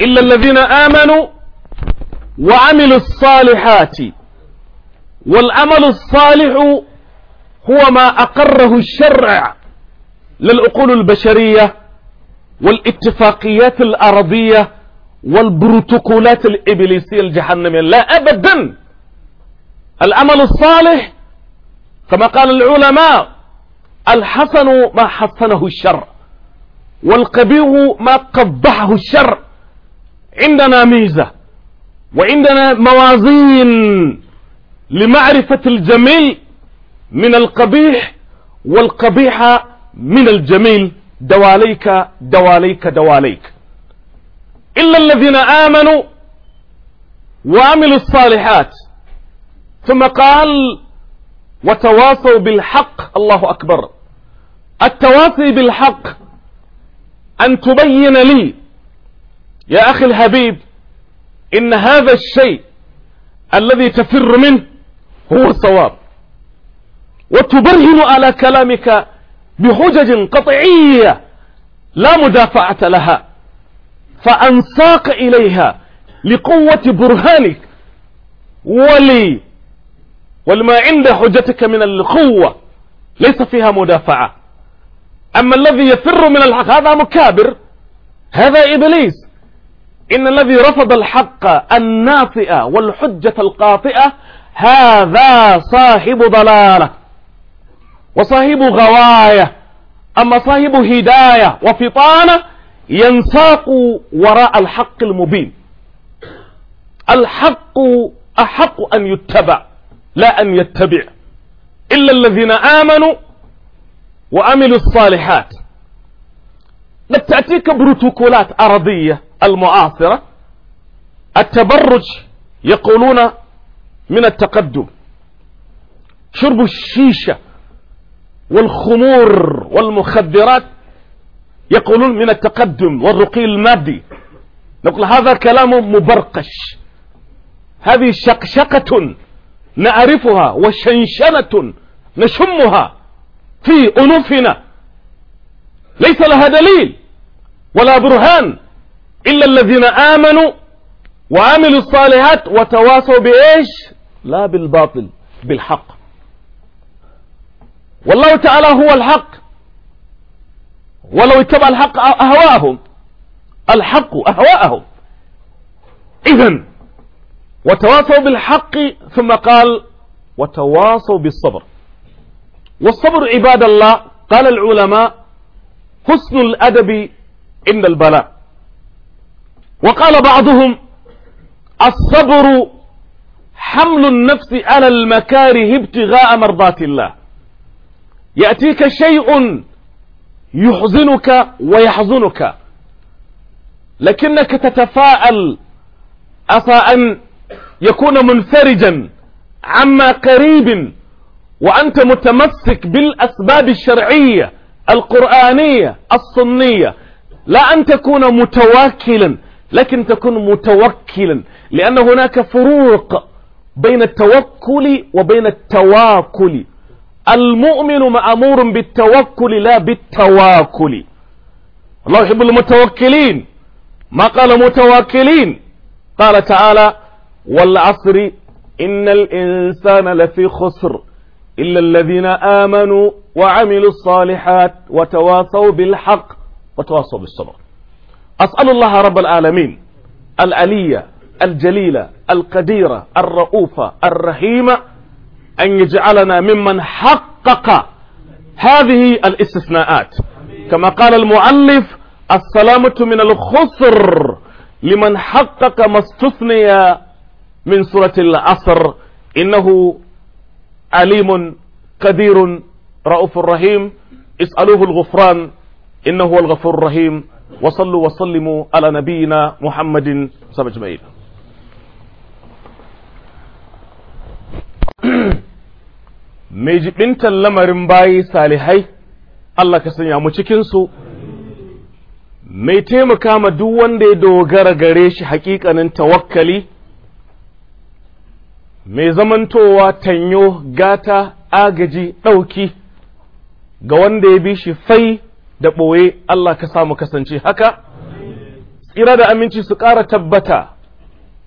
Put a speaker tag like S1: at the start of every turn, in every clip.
S1: إلا الذين آمنوا وعملوا الصالحات والعمل الصالح هو ما أقره الشرع للعقول البشرية والاتفاقيات الأرضية والبروتوكولات الإبليسية الجهنمية لا أبدا العمل الصالح كما قال العلماء الحسن ما حسنه الشرع والقبيح ما قبحه الشرع عندنا ميزة وعندنا موازين لمعرفة الجميل من القبيح والقبيح من الجميل دواليك دواليك دواليك إلا الذين آمنوا وعملوا الصالحات ثم قال وتواصوا بالحق الله أكبر التواصي بالحق أن تبين لي يا أخي الحبيب إن هذا الشيء الذي تفر منه هو الصواب وتبرهن على كلامك بحجج قطعية لا مدافعة لها فأنساق إليها لقوة برهانك ولي ولما عند حجتك من القوة ليس فيها مدافعة أما الذي يفر من الحق هذا مكابر هذا إبليس إن الذي رفض الحق الناطئ والحجة القاطئة هذا صاحب ضلالة وصاحب غواية أما صاحب هداية وفطانة ينساق وراء الحق المبين الحق أحق أن يتبع لا أن يتبع إلا الذين آمنوا وعملوا الصالحات لا تأتيك بروتوكولات أرضية المعاصرة التبرج يقولون من التقدم شرب الشيشة والخمور والمخدرات يقولون من التقدم والرقي المادي نقول هذا كلام مبرقش هذه شقشقة نعرفها وشنشنة نشمها في أنوفنا ليس لها دليل ولا برهان إلا الذين آمنوا وعملوا الصالحات وتواصوا بإيش لا بالباطل بالحق والله تعالى هو الحق ولو اتبع الحق أه- أهواءهم الحق أهواءهم إذا وتواصوا بالحق ثم قال وتواصوا بالصبر والصبر عباد الله قال العلماء حسن الأدب عند البلاء وقال بعضهم الصبر حمل النفس على المكاره ابتغاء مرضات الله يأتيك شيء يحزنك ويحزنك لكنك تتفاءل عسى أن يكون منفرجا عما قريب وأنت متمسك بالأسباب الشرعية القرآنية الصنية لا أن تكون متواكلا لكن تكون متوكلا لأن هناك فروق بين التوكل وبين التواكل المؤمن مأمور بالتوكل لا بالتواكل الله يحب المتوكلين ما قال متواكلين قال تعالى والعصر إن الإنسان لفي خسر إلا الذين آمنوا وعملوا الصالحات وتواصوا بالحق وتواصوا بالصبر أسأل الله رب العالمين الألية الجليلة القديرة الرؤوفة الرحيمة أن يجعلنا ممن حقق هذه الاستثناءات كما قال المؤلف السلامة من الخسر لمن حقق ما استثني من سورة العصر إنه عليم قدير رؤوف رحيم اسألوه الغفران إنه هو الغفور الرحيم وصلوا وسلموا على نبينا محمد صلى الله عليه وسلم mai jibintan lamarin bayi salihai Allah ka sanya mu cikinsu mai taimaka ma duk wanda ya dogara gare shi hakikanin tawakkali mai zamantowa tanyo gata agaji ɗauki ga wanda ya bi shi fai da ɓoye Allah ka samu kasance haka tsira da aminci su ƙara tabbata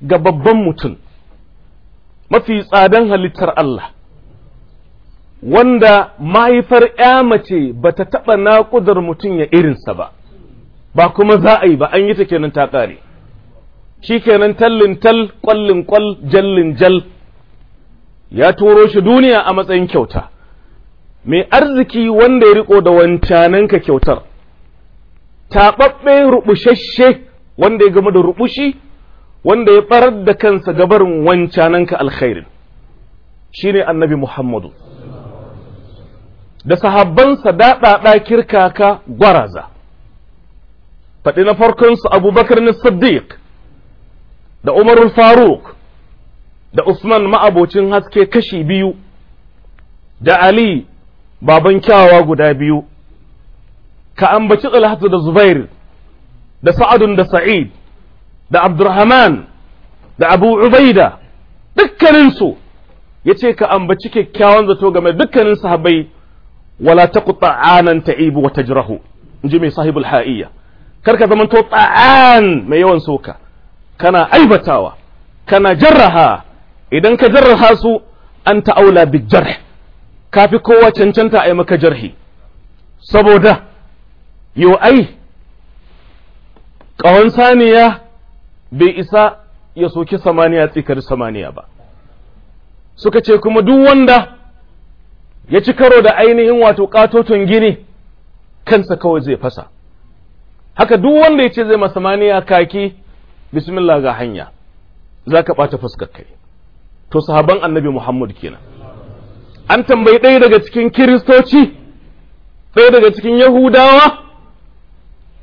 S1: ga babban mutum mafi tsadan halittar Allah wanda mahaifar ya mace ba ta taɓa naƙudar mutum ya irinsa ba ba kuma za a yi ba an yi ta kenan ta ƙare shi kenan tallin tal ƙwallin ƙwal jallin jal ya turo shi duniya a matsayin kyauta mai arziki wanda ya riko da wancananka kyautar taɓaɓɓe rubushashe wanda ya gama da rubushi wanda ya ɓarar da kansa gabarin wancananka alkhairin shi ne annabi muhammadu da sahabbansa daɗaɗa kirkaka gwaraza faɗi na farkonsu abubakar na siddiq da umarul faruk da usman ma'abocin haske kashi biyu da ali baban kyawawa guda biyu ka ambaci tsalhatu da zubair da sa'adun da sa'id da abdurrahman da abu ubaida dukkaninsu ya ce ka ambaci kyakkyawan zato game dukkanin sahabbai wala ta ku ta'anan ta'ibu wa tajrahu in ji mai sahibul ha'iyya kar ka zamanto ta'an mai yawan soka kana aibatawa kana jarraha idan ka jarraha su an ta'aula bi jarh ka fi kowa cancanta a yi maka jarhi saboda yo ai ƙawan saniya bai isa ya soki samaniya tsikar samaniya ba suka ce kuma duk wanda ya ci karo da ainihin wato ƙatoton gini kansa kawai zai fasa haka duk wanda ya ce zai masamaniya kaki bismillah ga hanya za ka ɓata fuskar kai to sahaban annabi muhammad kenan an tambayi ɗaya daga cikin kiristoci ɗaya daga cikin yahudawa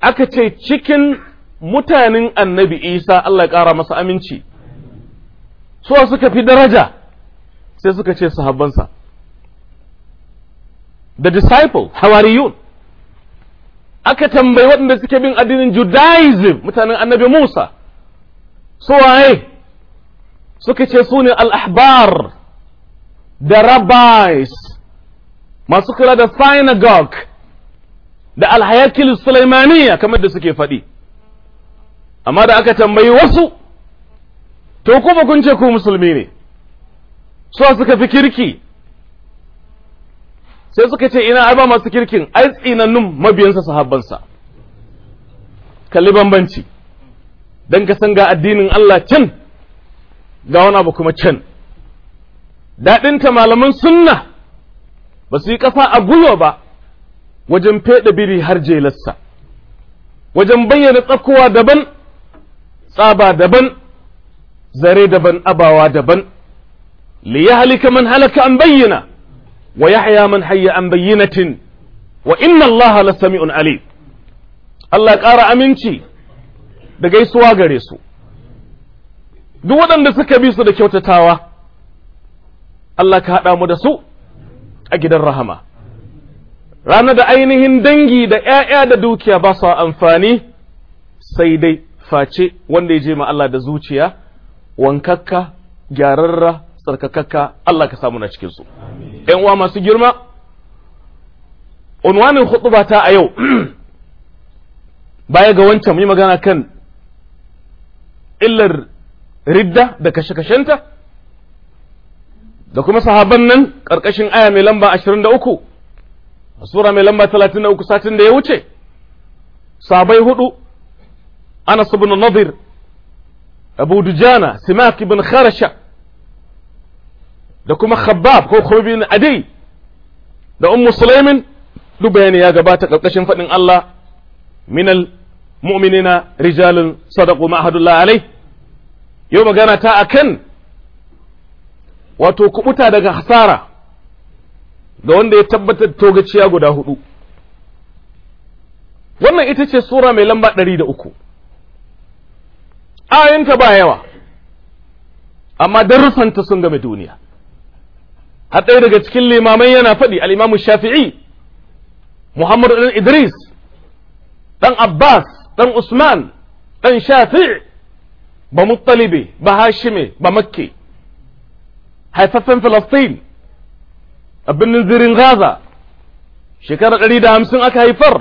S1: aka ce cikin mutanen annabi isa Allah ya ƙara masa aminci so suka fi daraja sai suka ce sahabbansa the disciple hawariyun aka tambayi waɗanda suke bin addinin judaism mutanen annabi musa su waye suka ce su ne al'ahbar da rabbis masu kula da synagogue da alhayakil sulaimaniya kamar da suke faɗi amma da aka tambayi wasu to kuma kun ce ku musulmi ne so suka fi kirki sai suka ce ina ba masu kirkin ai tsinannun mabiyansa sahabbansa kalli bambanci don ka san ga addinin Allah can ga wani abu kuma can daɗinta malaman sunna ba su yi ƙasa a gulo ba wajen feɗe biri har jelarsa wajen bayyana tsakowa daban tsaba daban zare daban abawa daban li ya halika man halaka an bayyana wa yahya man hayya an bayyinatin wa inna Allah la sami'un Ali. Allah ƙara aminci da gaisuwa gare su duk waɗanda suka bi su da kyautatawa Allah ka haɗa mu da su a gidan rahama rana da ainihin dangi da ‘ya'ya da dukiya ba su amfani sai dai face wanda ya je ma Allah da zuciya wankakka gyararra tsarkakakka Allah ka samu na cikinsu ‘yan uwa masu girma unwanin hutuba ta a yau baya ga wancan yi magana kan illar ridda da kashe-kashenta da kuma sahaban nan ƙarƙashin aya mai lamba uku a sura mai lamba uku satin da ya wuce sabai hudu Anas ibn Nadir Abu Dujana Simak bin Kharasha da kuma Khabbab ko Khubin Adi da Ummu Sulaimin duk bayani ya gabata ƙarƙashin faɗin Allah minal mu'minina rijalun sadaqu ma'ahadullah alai yau magana ta akan wato kubuta daga hasara ga wanda ya tabbatar togaciya guda hudu wannan ita ce sura mai lamba ɗari da uku ayinta ba yawa amma darussanta sun game duniya har ɗaya daga cikin limamai yana faɗi al'imamu shafi'i muhammadu ɗan idris ɗan abbas ɗan usman ɗan shafi'i ba muttalibe ba hashime ba makke haifaffen Filastin a birnin zirin Gaza shekara ɗari da hamsin aka haifar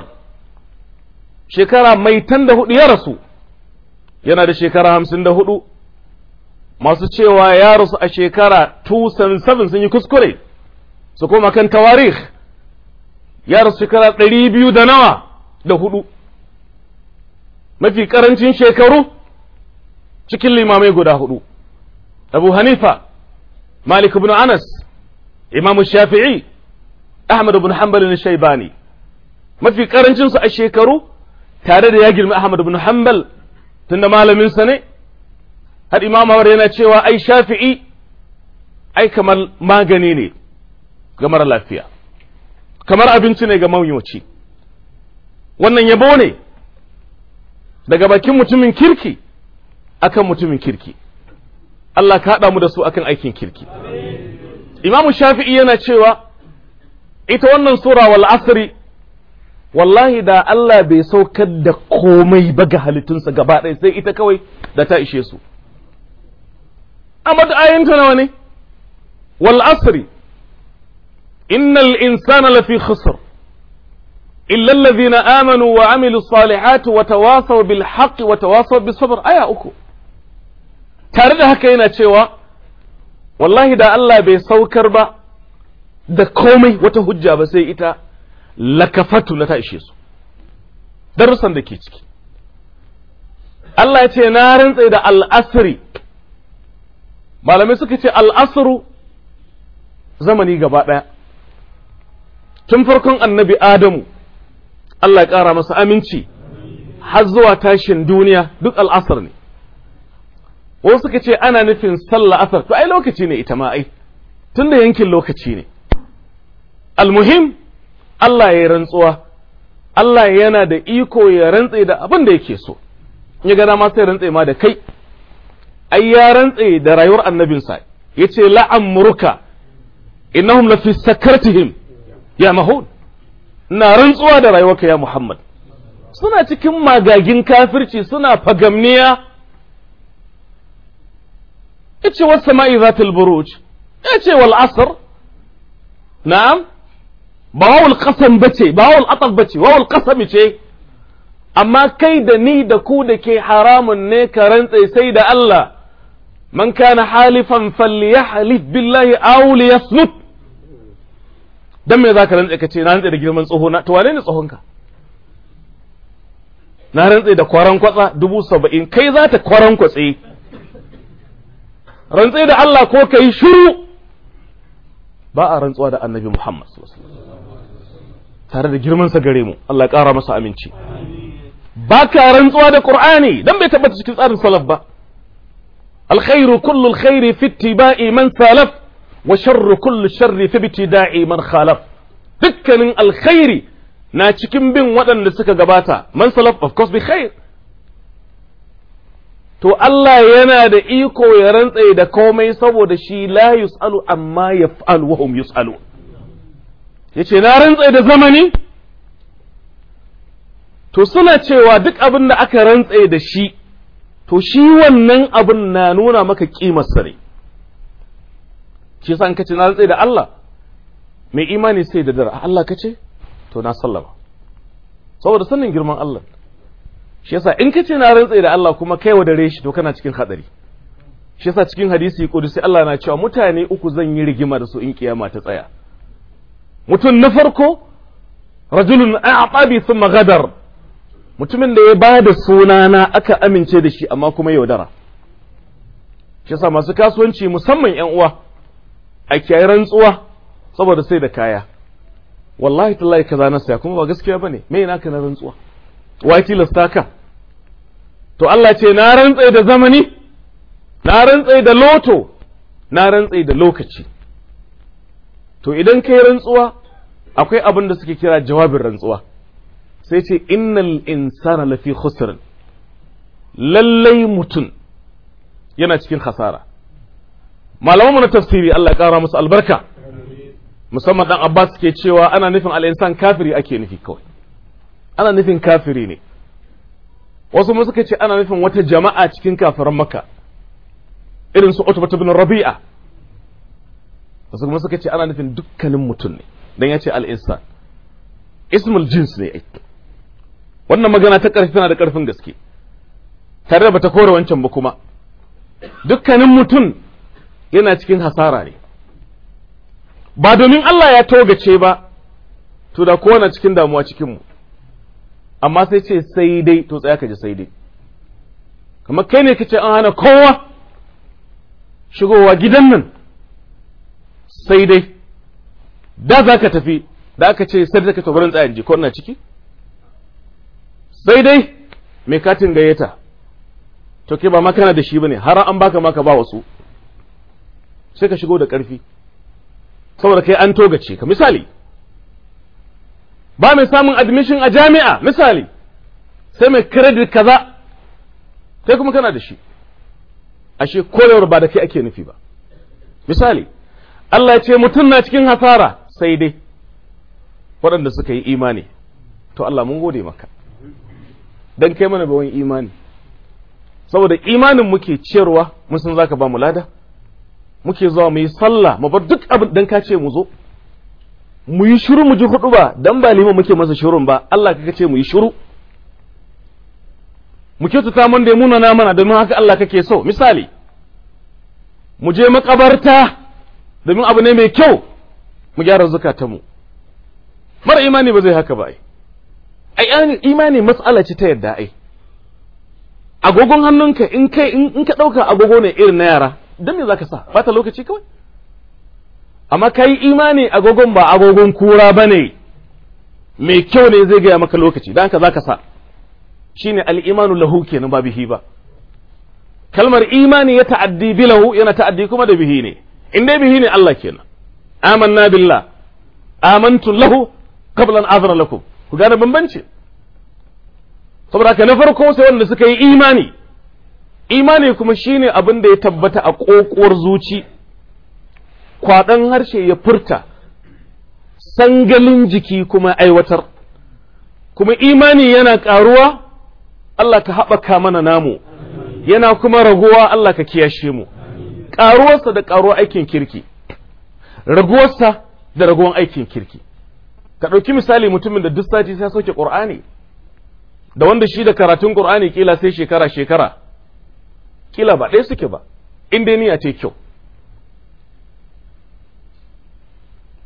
S1: shekara mai tan da hudu ya rasu yana da shekara hamsin da hudu masu cewa ya rasu a shekara 277 sun yi kuskure su koma kan tawarih ya rasu shekara ɗari biyu da nawa da hudu mafi ƙarancin shekaru cikin limamai guda hudu abu hanifa مالك بن أنس إمام الشافعي أحمد بن حنبل ni. mafi karancinsu a shekaru tare da ya girma Ahmad ibn Hanbal tunda malamin sa ne har Imam Ahmad yana cewa ai Shafi'i ai kamar magani ne ga mara lafiya kamar abinci ne ga mawuyaci wannan yabo ne daga bakin mutumin kirki akan mutumin kirki Allah ka haɗa mu da su akan aikin kirki Imam Shafi'i yana cewa ita wannan sura wal asri wallahi da Allah bai saukar da komai ba ga halittunsa gaba ɗaya sai ita kawai da ta ishe su amma ayinta nawa ne wal asri innal insana lafi khusr illa alladhina amanu wa amilu salihati wa tawasaw bil haqqi wa tawasaw bis sabr aya uku tare da haka yana cewa wallahi da Allah bai saukar ba da komai wata hujja ba sai ita lakafatu na ta ishe su darussan da ke ciki Allah ya ce na rantse da al'asri malamai suka ce al'asru zamani gaba ɗaya tun farkon annabi Adamu Allah ya ƙara masa aminci har zuwa tashin duniya duk al'asar ne wasu suka ce ana nufin sallah asar to ai lokaci ne ita ma ai tunda yankin lokaci ne almuhim Allah ya rantsuwa Allah yana da iko ya rantse da abin da yake so ya gana ma sai rantse ma da kai ai ya rantse da rayuwar annabinsa yace la'amruka innahum lafi sakartihim ya mahud na rantsuwa da rayuwarka ya Muhammad suna cikin magagin kafirci suna fagamniya ya ce wasu sama'i za ta buruj ya ce wal ba wawul kasam bace ba wawul ataf bace wawul kasami ce amma kai da ni da ku da ke haramun ne ka rantse sai da Allah man kana halifan falyahlif billahi aw liyasmut dan me na rantsai da girman tsoho na ne tsohonka na da kwaran kwatsa dubu saba'in kai za ta kwaran kwatse rantsai da Allah ko ka yi shiru ba a rantsuwa da annabi Muhammad tare da girmansa gare mu Allah ya ƙara masa aminci ba ka rantsuwa da Qur'ani dan bai tabbata cikin tsarin salaf ba alkhairu kullu alkhairi fi ittiba'i man salaf wa sharru kullu sharri fi ibtida'i man khalaf dukkanin alkhairi na cikin bin waɗanda suka gabata man salaf of course bi khair to Allah yana da iko ya rantse da komai saboda shi la yus'alu amma yaf'al wa hum yus'alu yace na rantse da zamani to suna cewa duk abin da aka rantse da shi to shi wannan abin na nuna maka kimar sare ne shi san kace na rantse da Allah mai imani sai da dar Allah kace to na sallama saboda sanin girman Allah shi yasa in ka ce na rantse da Allah kuma kai wadare shi to kana cikin hadari shi yasa cikin hadisi kudusi Allah na cewa mutane uku zan yi rigima da su in kiyama ta tsaya mutum na farko rajulun bi thumma ghadar mutumin da ya bada da sunana aka amince da shi amma kuma yaudara shi yasa masu kasuwanci musamman yan uwa a kiyaye rantsuwa saboda sai da kaya wallahi tallahi kaza na saya kuma ba gaskiya bane me ina ka na rantsuwa wai tilasta ka to Allah ce na rantse da zamani na rantse da loto na rantse da lokaci to idan kai rantsuwa akwai abin da suke kira jawabin rantsuwa sai ce innal insana lafi khusr lallai mutum yana cikin hasara. malamanmu na tafsiri Allah ya kara musu albarka musamman ɗan Abbas ke cewa ana nufin alinsan insan kafiri ake nufi kawai ana nufin kafiri ne wasu mun suka ce ana nufin wata jama'a cikin kafiran maka irin su utbatu bin rabi'a wasu kuma suka ce ana nufin dukkanin mutum ne dan yace al-insan ismul jins ne wannan magana ta karfi tana da karfin gaske tare da bata kore wancan ba kuma dukkanin mutum yana cikin hasara ne ba domin Allah ya togace ba to da kowa na cikin damuwa cikin mu amma sai ce sai dai to tsaya ka ji sai dai kamar kai ne kace an hana kowa shigowa gidan nan sai dai da za ka tafi da aka ce sai da ka barin tsayin ji ko ina ciki sai dai mai katin gayyata to ke ba makana da shi bane har an baka maka ba wasu sai ka shigo da ƙarfi saboda kai an togace ka misali ba mai samun admission a jami'a misali sai mai credit kaza kai kuma kana da shi ashe koyar ba da kai ake nufi ba misali Allah ya ce mutum na cikin hasara sai dai waɗanda suka yi imani to Allah mun gode maka dan kai mana bawon imani saboda imanin muke ciyarwa mun san zaka ba mu lada muke zuwa mu yi sallah mu bar duk abin dan ka ce mu zo mu yi shiru mu ji hudu ba dan ba liman muke masa shirun ba Allah kaka ce mu yi shiru mu tuta mun da muna na mana domin haka Allah kake so misali mu je makabarta domin abu ne mai kyau mu gyara mu. mara imani ba zai haka ba ai imani matsala ce ta yadda ai agogon hannunka in kai in ka dauka agogo ne irin na yara dan me zaka sa bata lokaci kawai amma kai imani agogon ba agogon kura bane mai kyau ne zai gaya maka lokaci dan ka zaka sa shine al-imanu lahu kenan ba bihi ba kalmar imani ya ta'addi bilahu yana ta'addi kuma da bihi ne in dai bihi ne Allah kenan amanna billah amantu lahu qablan azra lakum ku gane bambanci saboda ka na farko sai wanda suka yi imani imani kuma shine abin da ya tabbata a kokuwar zuci kwaɗon harshe ya furta sangalin jiki kuma aiwatar kuma imani yana ƙaruwa Allah ka haɓaka mana namu yana kuma raguwa Allah ka kiyashe mu ƙaruwarsa da ƙaruwar aikin kirki raguwarsa da raguwar aikin kirki ka ɗauki misali mutumin da duk sati sai sauke ƙur'ani da wanda shi da karatun ƙur'ani kila sai shekara shekara kila ba ɗaya suke ba inda niyya ce kyau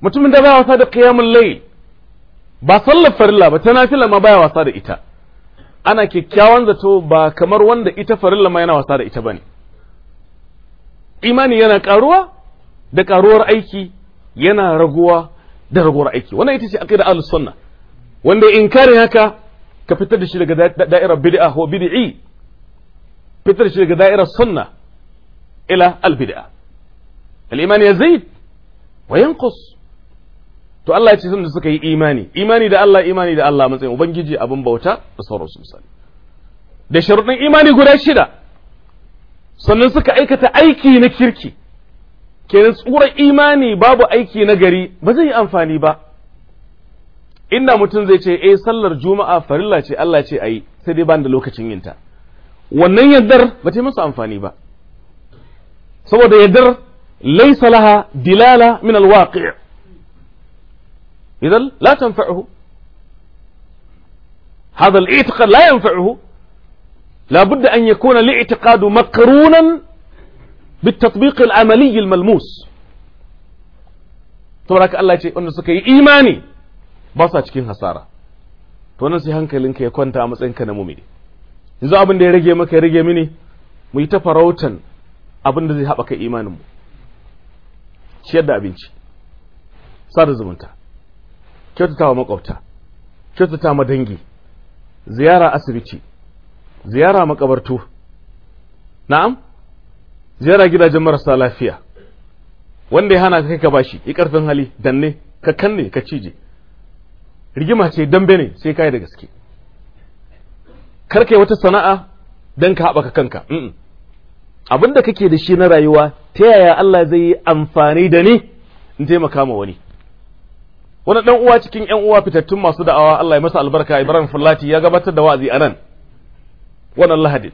S1: mutumin da baya wasa da qiyamul layl ba sallar farilla ba ta nafila ma baya wasa da ita ana kikkiawan zato ba kamar wanda ita farilla ma yana wasa da ita bane imani yana karuwa da karuwar aiki yana raguwa da raguwar aiki wannan ita ce aqida ahlus sunna wanda inkarin haka ka fitar da shi daga da'irar bid'a ko bid'i fitar shi daga da'irar sunna ila al bid'a al iman yazid wa yanqus to Allah ya ce sun da suka yi imani imani da Allah imani da Allah matsayin ubangiji abin bauta da sauransu misali da sharuɗin imani guda shida sannan suka aikata aiki na kirki kenan tsuran imani babu aiki na gari ba zai yi amfani ba inda mutum zai ce eh sallar juma'a farilla ce Allah ce ayi sai dai ban da lokacin yinta wannan yaddar ba ta yi masa amfani ba saboda yaddar laysa laha dilala min alwaqi' إذا لا تنفعه هذا الاعتقاد لا ينفعه لابد أن يكون الاعتقاد مقرونا بالتطبيق العملي الملموس saboda haka Allah ya ce wanda suka yi imani ba sa cikin hasara to nan sai hankalinka ya kwanta a matsayinka na mumini yanzu abin da ya rage maka ya rage mini mu yi ta farautan abin da zai haɓaka imaninmu ciyar da abinci sada zumunta kyautatawa makwabta kyautata ma dangi ziyara asibiti ziyara makabartu na'am ziyara gidajen marasa lafiya wanda ya hana ka kai ka bashi yi karfin hali danne ka kanne ka cije rigima ce dambe ne sai kai da gaske karkai wata sana'a don ka haɓaka kanka abinda kake da shi na rayuwa ta yaya Allah zai yi amfani da ni in taimaka ma wani wani dan uwa cikin yan uwa fitattun masu da'awa Allah ya masa albarka Ibrahim Fulati, ya gabatar da wa'azi nan. wannan Lahadi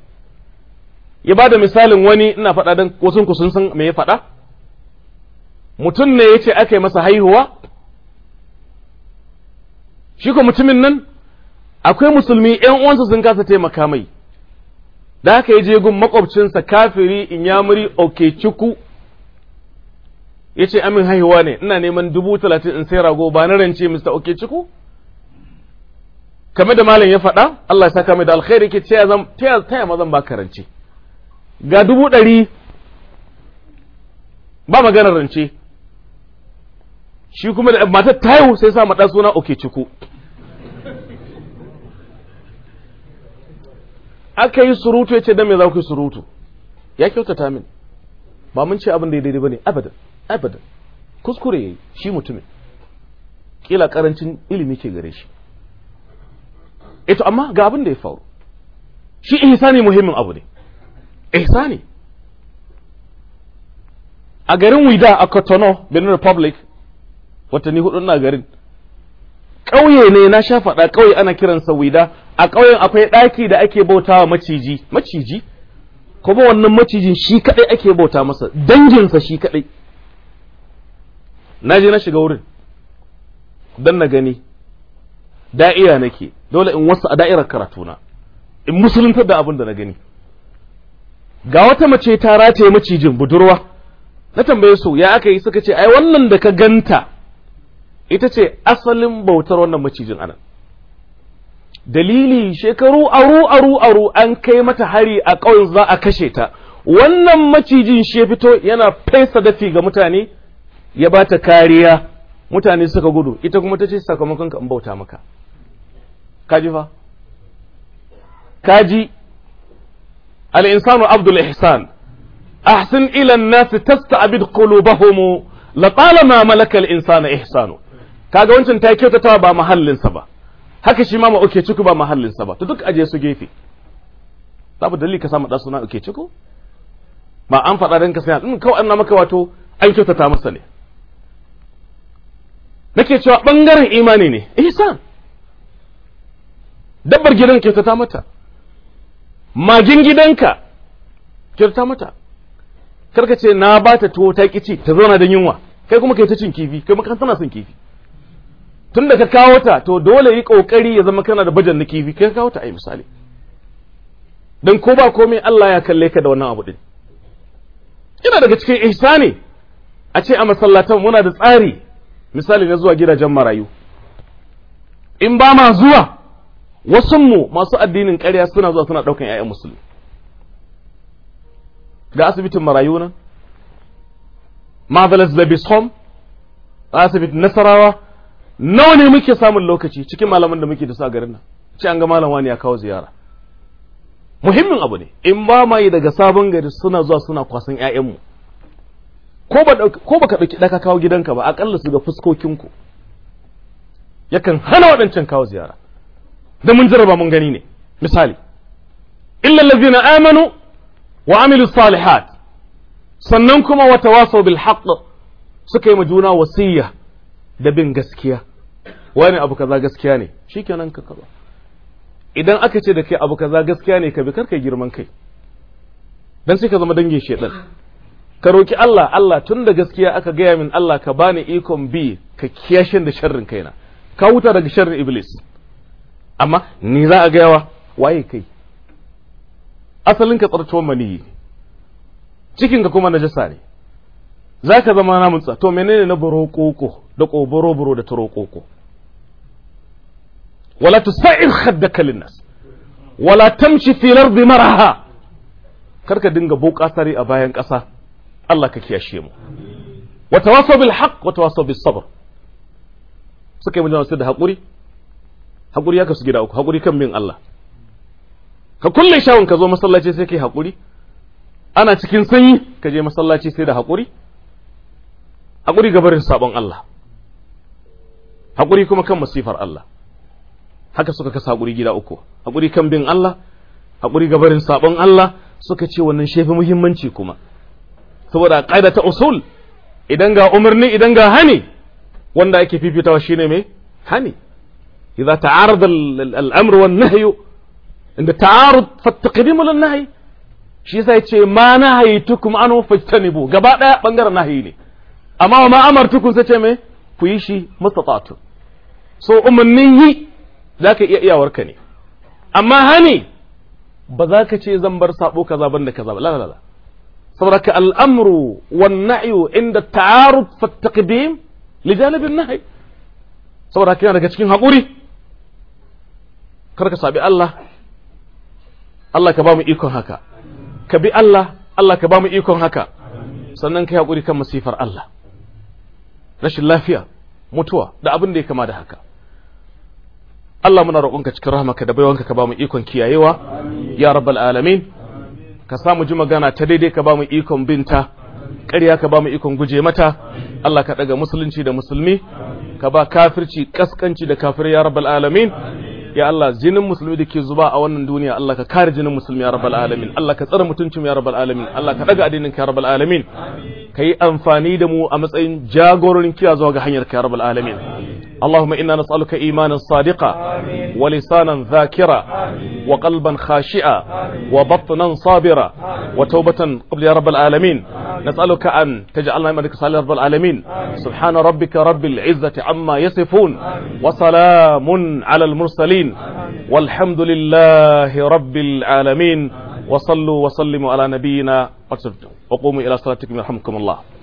S1: ya bada misalin wani ina faɗa dan wasu ku sun san me ya faɗa mutum ne yace aka yi masa haihuwa shi ko mutumin nan akwai musulmi yan uwansa sun kasa taimaka mai da haka ya je gun makwabcinsa kafiri inyamuri okechukwu ya ce amin haihuwa ne ina neman dubu talatin in sai rago ba na rance mista oke ciku kame da malam ya faɗa Allah ya saka mai da alkhairi ke ta ma zan ba rance ga dubu ɗari ba maganar rance shi kuma da matar tayo sai sa maɗa suna oke ciku aka yi surutu ya ce don me za ku yi surutu ya kyautata min ba mun ce abin da ya daidai ba ne abadan abadan kuskure shi mutumin kila karancin ilimi ke gare shi eto eh amma ga abin da ya faru shi ihsani muhimmin abu ne ihsani a garin wida a Cotonou Benin Republic watanni hudu na garin ƙauye ne na sha faɗa ƙauye ana kiransa wida a ƙauyen akwai ɗaki da ake bautawa maciji maciji kuma wannan macijin shi kaɗai ake bauta masa danginsa shi kaɗai na je na shiga wurin don na gani da'ira nake dole in wasu a da'irar karatuna in musuluntar da abin da na gani ga wata mace ta rataye macijin budurwa na tambaye su ya aka yi suka ce ai wannan da ka ganta ita ce asalin bautar wannan macijin anan dalili shekaru aru aru aru an kai mata hari a ƙauyen za a kashe ta wannan macijin shi ya fito yana fesa dafi ga mutane ya ba ta kariya mutane suka gudu ita kuma ta ce sakamakon ka bauta maka kaji fa kaji al-insanu abdul ihsan ahsin ila an-nas tasta'bid qulubahum la talama malaka al-insanu ihsanu kaga wancan ta ta ba mahallin sa ba haka shi ma ma uke ciku ba mahallin sa ba to duk aje su gefe babu dalili ka samu da suna uke ciku ma an faɗa dan ka sai hmm, kawai an maka wato an kyautata masa ne nake cewa bangaren imani ne ihsan dabbar gidan kyautata mata magin gidanka kyautata mata karka ce na ba ta tuwo ta kici ta zauna don yunwa kai kuma kai ta cin kifi kai maka tana son kifi tun da ka kawo ta to dole yi kokari ya zama kana da bajan na kifi kai ka kawo ta ai misali dan ko ba komai Allah ya kalle ka da wannan abu din ina daga cikin ihsani a ce a masallatan muna da tsari misali na zuwa gidajen marayu in ba ma zuwa wasunmu masu addinin ƙarya suna zuwa suna ɗaukan 'ya'yan musulmi ga asibitin marayu nan marvelous babies home asibitin nasarawa nawa ne muke samun lokaci cikin malaman da muke da su a garin nan ce an ga malam wani ya kawo ziyara muhimmin abu ne in ba ma yi daga sabon gari suna zuwa suna kwasan 'ya'yanmu ko baka ɗauki ɗaka kawo gidanka ba aƙalla su ga fuskokinku yakan hana waɗancan kawo ziyara da mun jarraba mun gani ne misali illa allazina amanu wa amilu salihat sannan kuma wata wasa bil haqq suka yi ma juna wasiyya da bin gaskiya wani abu kaza gaskiya ne shikenan ka kaza. idan aka ce da kai abu kaza gaskiya ne ka bi karka girman kai dan sai ka zama dangin shedan ka roki Allah Allah tun da gaskiya aka gaya min Allah ka bani ikon bi ka kiyashin da sharrin kaina ka huta daga sharrin iblis amma ni za a gayawa waye kai asalin ka tsarto maniyi cikin ka kuma najasa ne za ka zama mutsa to menene na borokoko da koboroboro da torokoko wala tusa'ir khaddaka linnas wala tamshi fi lardi maraha karka dinga bokasari a bayan ƙasa Allah ka kiyashe mu wa tawassaw bil haqq wa tawassaw bis sabr suka yi mu da hakuri hakuri ya kasu gida uku hakuri kan bin Allah ka kulle shawun ka zo masallaci sai kai hakuri ana cikin sanyi ka je masallaci sai da hakuri hakuri ga barin sabon Allah hakuri kuma kan masifar Allah haka suka kasa hakuri gida uku hakuri kan bin Allah hakuri ga barin sabon Allah suka ce wannan shefi muhimmanci kuma saboda qaida ta usul idan ga umarni idan ga hani wanda ake fifitawa shine mai hani idza ta'arada al-amr wan nahy inda ta'arud fattaqdimu lin nahy shi sai ce ma nahaytukum anhu fajtanibu gaba daya bangaren nahi ne amma ma amartukum ce mai ku yi shi mustata'tu so umarnin yi zaka iya iyawarka ne amma hani ba za ka ce zan bar sabo kaza banda kaza ba la la la فذلك الأمر والنعي عند التعارض فالتقديم لجانب النهي saboda haka yana daga cikin haƙuri kar ka sabi Allah Allah ka ba mu ikon haka ka bi Allah Allah ka ba mu ikon haka sannan ka hakuri kan masifar Allah rashin lafiya mutuwa da abin da ya kama da haka Allah muna ka cikin rahmaka da baiwanka ka ba mu ikon kiyayewa ya rabbal alamin ka samu ji magana ta daidai ka ba mu ikon binta ƙarya ka ba mu ikon guje mata Allah ka daga musulunci da musulmi ka ba kafirci kaskanci da kafir ya rabbal alamin ya Allah jinin musulmi da ke zuba a wannan duniya Allah ka kare jinin musulmi ya rabbal alamin Allah ka tsare mutuncin ya rabbal alamin Allah ka daga addinin ka ya rabbal alamin ka yi amfani da mu a matsayin jagororin kiya zuwa ga hanyar ka rabbal alamin Allahumma inna nas'aluka imanin sadiqa wa lisanan dhakira wa qalban khashi'a wa batnan sabira wa ta'ubatan qabla ya rabbal alamin nas'aluka an taj'alna min salih rabbal alamin subhana rabbika rabbil izzati amma yasifun wa salamun ala al mursalin والحمد لله رب وصلوا وسلموا على نبينا وقوموا إلى صلاتكم يرحمكم الله